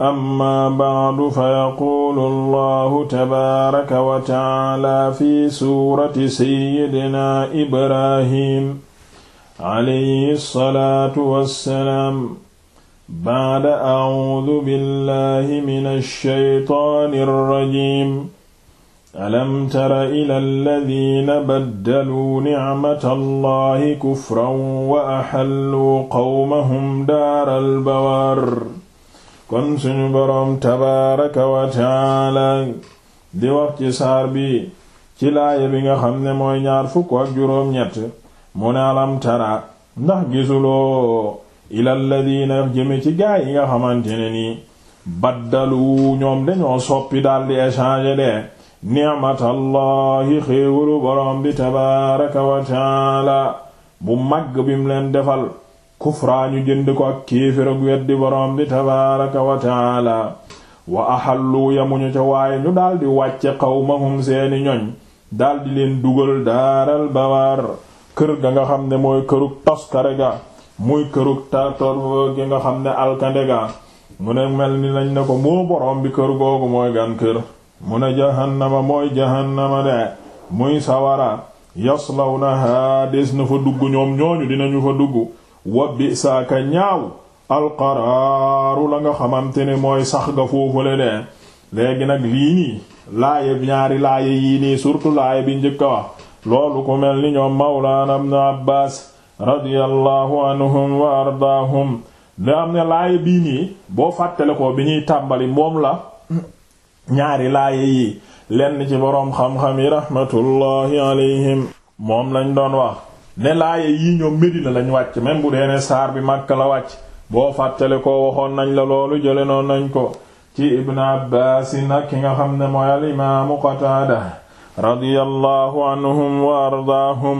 amma ba'du fayaquulu allahu tabaaraka wa taala fi suurati sayyidina ibrahim alayhi salaatu wassalaam ba'da a'uudu billahi mina shaytaani rajiim alam tara ila alladhiina baddaluu ni'mata allahi kufran wa ahalluu qawmahum daaral bawaar kon suñu boroom tabaaraka wa taala wax ci saar bi ci laaya bi nga xam ne mooy ñaar fukk ak juróom-ñett mu ne alam tara ndax gisuloo ilal ladina jëme ci gaay yi nga xamante ne nii baddalu ñoom dañoo soppi daldi échanger de ni'matallahi xéewalu boroom bi tabaaraka wa bu màgg bi mu leen defal kufraa ñu jënd ko ak kéefér ak weddi borom bi tabaaraka wa taala wa axallu yamuñu ca waaye ñu daldi wàcce qawmahum seeni ñoñ daldi leen dugal daaral bawaar kër ga nga xam ne mooy kërug toskare ga muy kërug tator gi nga xam ne alkande ga mu ne mel ni lañ ne ko moo borom bi kër googu mooy gan kër mu ne jahannama mooy jahannama de muy sawara yaslawnaha des na fa dugg ñoom ñooñu dinañu fa dugg wa bi saaka ñaaw alqaraaru la nga xamante ne mooy sax nga foofule de léegi nag lii nii laaye ñaari laaye yii nii surtout laaye bi njëkk a wax loolu ku mel ni ñoom mawlaana ibnu abbaas radiyallahu anhum wa ardaahum da am ne laaye bii nii boo fàttale ko bi ñuy tàmbali moom la ñaari laaye yi lenn ci boroom xam-xam yi rahmatullahi alayhim moom lañ doon wax ne laaya yii ñoom Medina lañ wàcc même bu dee saar bi Makka la wàcc boo fàttale ko waxoon nañ la loolu jële noon nañ ko ci Ibn Abbaas nag ki nga xam ne mooy al imaamu Qataada radiyallahu anhum wa ardaahum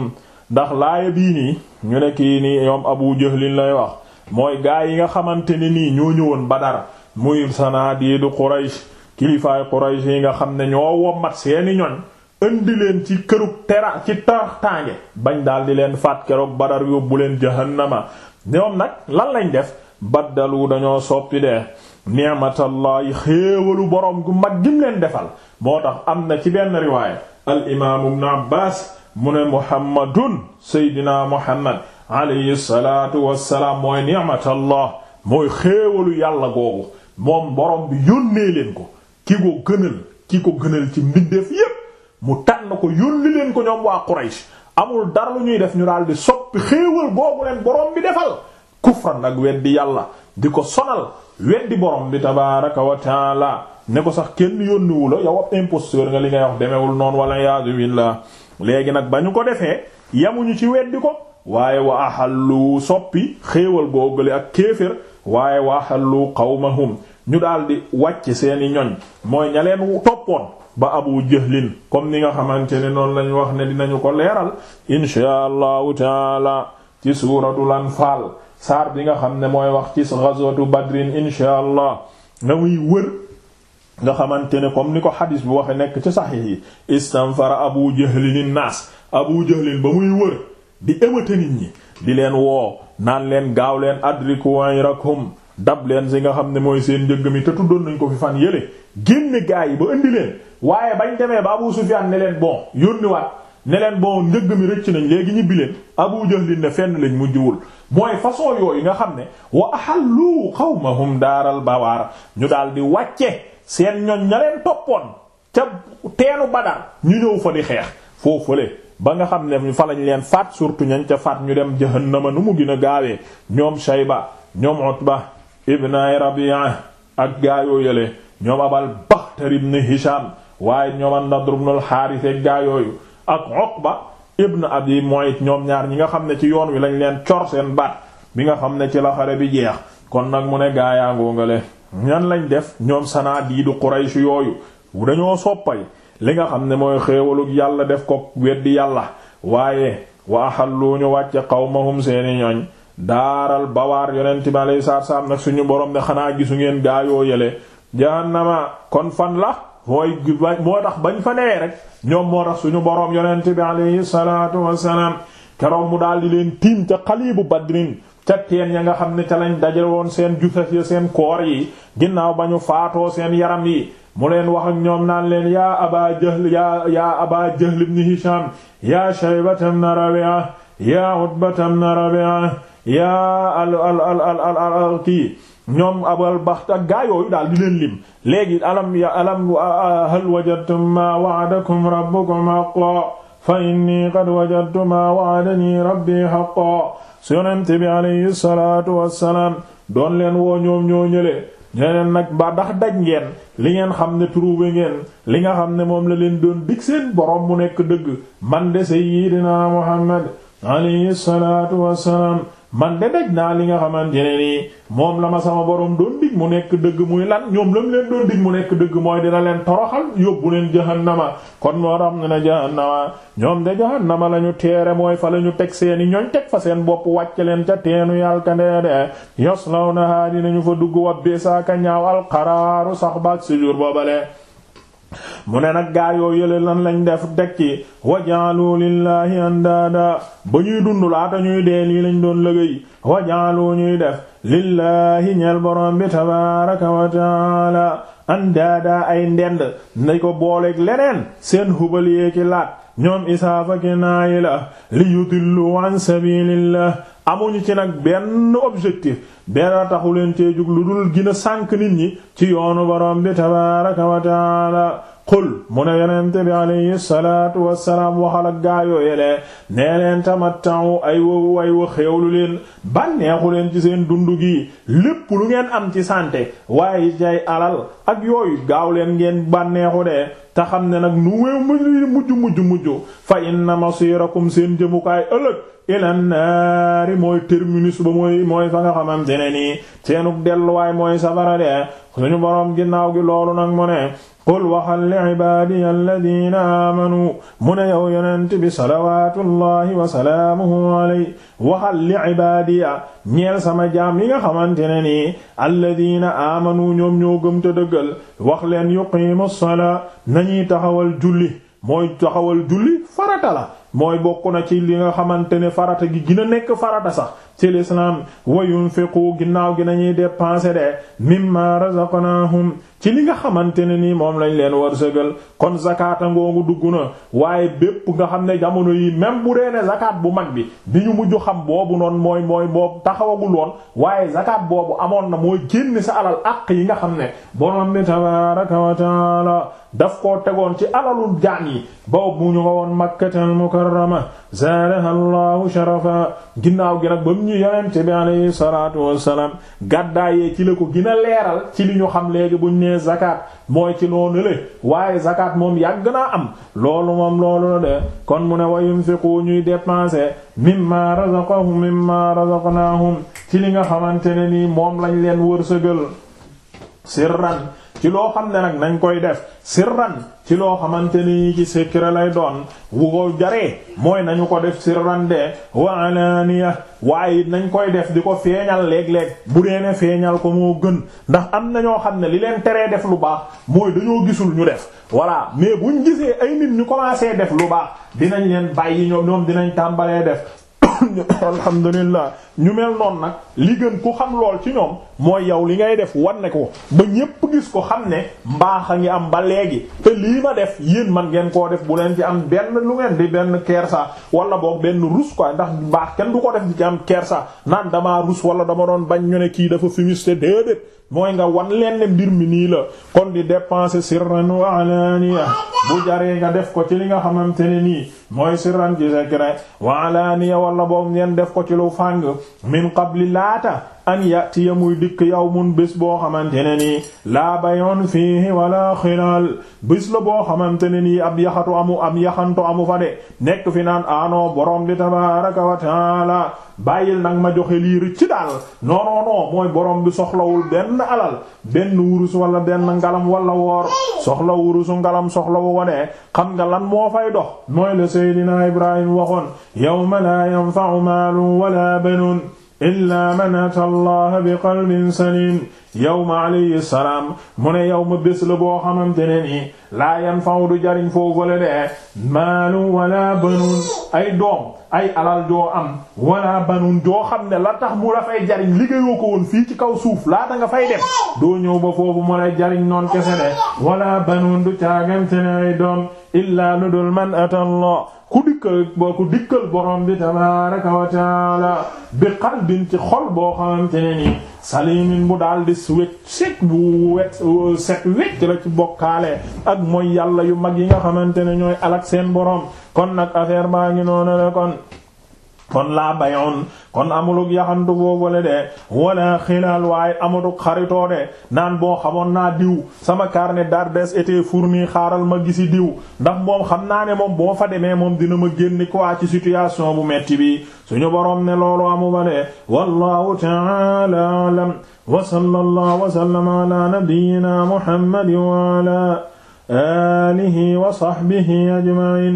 ndax laaya bii nii ñu ne kii nii ñoom Abu Jahlin lay wax mooy gaa yi nga xamante ni nii ñoo ñëwoon Badar muy sanadiidu Quraysh kilifaay Quraysh yi nga xam ne ñoo wommat seeni ñoñ indi leen ci kërug tera ci tartaange bañ daal di leen faat keroog badar yóbbu leen jahannama ñoom nag lan lañ def baddalu dañoo soppi de ni'matallahi xéewalu borom gu mag gim leen defal moo tax am na ci benn riwaaya al imaamu ibnu mu ne muhammadun seydina muhammad alayhi salaatu wassalaam mooy ni'matallah mooy xéewalu yàlla googu moom boroom bi yónnee leen ko ki ko gënal ki ko gënal ci mbindeef yépp mu tànn ko yónni leen ko ñoom waa Quraysh amul dara lu ñuy def ñu daal di soppi xéewal boobu leen borom bi defal kufran ak weddi yàlla di ko sonal weddi borom bi tabaaraka wa taala ne ko sax kenn yónniwu la yow ab imposteur nga li ngay wax demewul noonu wala yaazu billah léegi nag ba ñu ko defee yamuñu ci weddi ko waaye wa lu soppi xéewal googale ak kéefër waaye waxallu qawmahum ñu daal daldi wàcc seeni ñoñ mooy ña leen toppoon ba abu jahlin comme ni nga xamante ne noonu lañu wax ne dinañu ko leeral inshaa allahu taala ci suuratul anfaal saar bi nga xam ne mooy wax ci ghazwatu badrin inshaa allah na muy wër nga xamante ne comme ni ko xadis bu waxe nekk ci saxiix yi istanfara abu jahlin naas abu jahlin ba muy wër di ëmmate nit ñi di leen woo naan leen gaaw leen adriku wayrakum dab leen si nga xam ne mooy seen njëgg mi te tuddoon nañ ko fi fan yële génne gaa yi ba indi leen waaye bañ demee ba Abu Sufyaan ne leen bon yónniwaat ne leen bon njëgg mi rëcc nañ léegi ñibbi leen Abu Jahl ne fenn lañ mujjuwul mooy façon yooyu nga xam ne wa ahallu qawmahum daaral bawaar ñu daal di wàcce seen ñoñ ña leen toppoon ca teenu Badar ñu ñëw fa di xeex foofule ba nga xam ne fa lañ leen faat surtout ñañ ca faat ñu dem jahannama nu mu gën a gaawee ñoom Shayba ñoom Utba ibn Rabi'a ak gaayoo yële ñoom Abal Baxtar ibn Hisham waaye ñoom an-Nadr ibn al-Harith gaayooyu ak Uqba ibn Abi Mu'ayt ñoom ñaar ñi nga xam ne ci yoon wi lañ leen cor seen baat bi nga xam ne ci la xare bi jeex kon nag mu ne gaayaangoo ngale ñan lañ def ñoom sanadiidu Quraysh yooyu dañoo soppay li nga xam ne mooy xéewalug yàlla def ko weddi yàlla waaye wa axalluu ñu wàcce qawmahum seeni ñooñ daaral bawaar yonent bi alayhi salaatu salaam nag suñu boroom bi xanaa gisu ngeen gaayoo yele jahannama kon fan la mooy moo tax bañ fa newee rek ñoom moo tax suñu borom yonent bi alayhi salaatu wassalaam keroog mu daal leen tiim ca xaliibu badrin ca teen ya nga xam ne ca lañ dajale woon seen jusas ya seen koor yi ginnaaw ba ñu faatoo seen yaram yi mu leen wax ñoom naan leen yaa aba jahl yaa yaa aba ibn hisham yaa shaybata ibn rabi'a yaa al al al al al ñoom abal baxt ak gaa daal di lim léegi alam ya alam hal wajadtum ma wa'adakum rabbukum haqqan fa inni qad wajadtu ma wa'adani rabbi haqqan su yonente bi alayhi wassalaam doon leen woo ñoom ñoo ñële ñeneen nag ba ndax daj ngeen li ngeen xam ne trouvé ngeen li nga xam ne moom la leen doon dig seen borom mu nekk dëgg man de sayyidina Muhammad alayhi salaatu wassalaam man de daj naa li nga xamante nii moom la ma sama borom doon dig mu nekk dëgg muy lan ñoom lam leen doon dig mu nekk dëgg mooy dina leen toroxal yóbbu leen jahannama kon moo tax ne na jahannama ñoom de jahannama la ñu teere mooy fa la ñu teg seeni ñooñ teg fa seen bopp wàcc leen ca teenu yàlkandee de yoslawnaha nañu fa dugg wa bisaaka ñaaw alqaraaru sax baak séjour boobale mu ne nag gaa yoo yële lan lañu def teg ci wajaalu lillahi andaada ba ñuy dund laata ñuy dee lii lañ doon liggéey wajaalu ñuy def lillahi ñeel borom bi tabaaraka wa taala ay ndend nañ ko booleek leneen seen hubal yee ci laat ñoom Isaaf ak la li yudillu an sabilillah amuñu ci nag benn objectif benn taxu leen cee jóg lu dul gën a sànk nit ñi ci yoonu borom bi tabaaraka wa taala qul mu ne yonent bi alayhi salaatu wassalaam waxal ak gaayoo yelee nee leen tamatta'u ay wa ay wa xéewlu leen bànneexu leen ci seen dundu gi lépp lu ngeen am ci sante waaye jay alal ak yooyu gaaw leen ngeen bànneexu de te xam ne nag nu wew mujj mujj mujj fa inna masirakum seen jëmukaay ëllëg ilan naari mooy terminus ba mooy mooy fa nga xamante ne nii seenug delluwaay mooy safara de suñu boroom ginnaaw gi loolu nag mu ne qul waxal li ibaadiya alladina aamanu mu ne yow yonent bi salawatullahi wa salaamuhu aley waxal li ibaadiya ñeel sama jaam yi nga xamante ne nii alladina aamanu ñoom ñoo gëm te dëggal wax leen yuqiimu salaa nañuy taxawal julli mooy taxawal julli farata la mooy bokk na ci li nga xamante ne farata gi gën nekk farata sax ci lislaam wa yunfiqu ginnaaw gi nañuy dépenser de mimma razaqnahum ci li nga xamante ne nii moom lañ leen war sëgal kon zakata ngoongu duggu na waaye bépp nga xam ne jamono yi même bu dee ne bu mag bi bi ñu mujj xam boobu noonu mooy mooy boobu taxawagul loon waaye zakat boobu amoon na mooy génn sa alal àq yi nga xam ne borom bi tabaraka wa taala daf koo tegoon ci alalul jaan yi boobu ñu nga woon makkatal mukarrama zaadaha allahu sharafa ginnaaw gi nag ñu yonente bi alayhi salaatu wassalaam gàddaayee ci la ko gën a leeral ci li ñu xam léegi buñ nee zakat mooy ci noonu le waaye zakat moom yàgg naa am loolu moom loolu la de kon mu ne wa yunfiqu ñuy dépenser mimma razaqahum mimma razaqnahum ci li nga xamante ne nii moom lañ leen wërsëgal sirran ci loo xam ne nag nañ koy def sirran ci loo xamante ni ci secret lay doon bu ko jaree mooy nañu ko def sirran de wa alaaniya waaye nañ koy def di ko feeñal léeg-léeg bu dee ne feeñal ko moo gën ndax am na ñoo xam ne li leen teree def lu baax mooy dañoo gisul ñu def voilà mais buñ gisee ay nit ñu commencé def lu baax dinañ leen bàyyi ñoom ñoom dinañ tàmbalee def alhamdulillah ñu mel noonu nag li gën ku xam lool ci ñoom mooy yow li ngay def wanne ko ba ñépp gis ko xam ne mbaax a ngi am ba léegi te lii ma def yéen man ngeen koo def bu leen ci am benn lu ngeen di benn kersa wala boog benn rus ko ndax mbaax kenn du ko def di ci am kersa naan damaa rus wala dama doon bañ ñu ne kii dafa fumiste déedéet mooy nga wan leen ne mbir mi nii la kon di dépenser sirran wa alaaniya bu jaree nga def ko ci li nga xamante ne nii mooy sirran ci secret wa alaaniya wala boobu ngeen def ko ci lu fàng min qabli laata an yatiya muy dikk yaw yawmun bés boo xamante ne nii laa bayoon fiihi wala xilaal bés la boo xamante ne nii ab yaxatu amu am yaxantu amu fa de nekk fi naan aanoo ah, borom bi tabaraka wa taala bàyyil nag ma joxe liir ci daal non non borom bi soxlawul benn alal benn wurus wala benn ngalam wala woor soxla wurusu ngalam soxla wone xam nga lan moo fay dox mooy la seydina Ibrahim waxoon yawma la yanfa'u maalun wala banun illaa man ata allaha bi qalbin salim yawma alayhi salaam mu ne yawma bés la boo xamante ne nii laa yanfa'u du jariñ foofule de maalun wala banuun ay doom ay alal joo am wala banuun joo xam ne la tax mu dafay jariñ liggéeyoo ko woon fii ci kaw suuf laata nga fay dem doo ñëw ba foofu mu lay jariñ noon kese de wala banuun du caagante ne ay doom illaa lu dul man ata allah ku dikkal boo ku dikkal borom bi tabaaraka wa taala bi qalbin ci xol boo xamante ne ni salimin bu daal di wet set bu wet set wecc la ci bokkaale ak mooy yàlla yu mag yi nga xamante ne ñooy alak seen borom kon nag affaire baa ngi noonu la kon kon laa bayoon kon amulug yaxantu boobale de wala xilaal waaye amatug xaritoo de naan boo xamoon naa diw sama carnet d'adresse était fourni xaaral ma gisi diw ndax moom xam naa ne moom boo fa demee moom dina ma génn ko waa ci situation bu metti bi suñu boroom ne loolu amu ba de wallahu ta'ala a'lam wa sallallahu wa sallama ala nabiyyina muhammadin wa ala alihi wa sahbihi ajma'in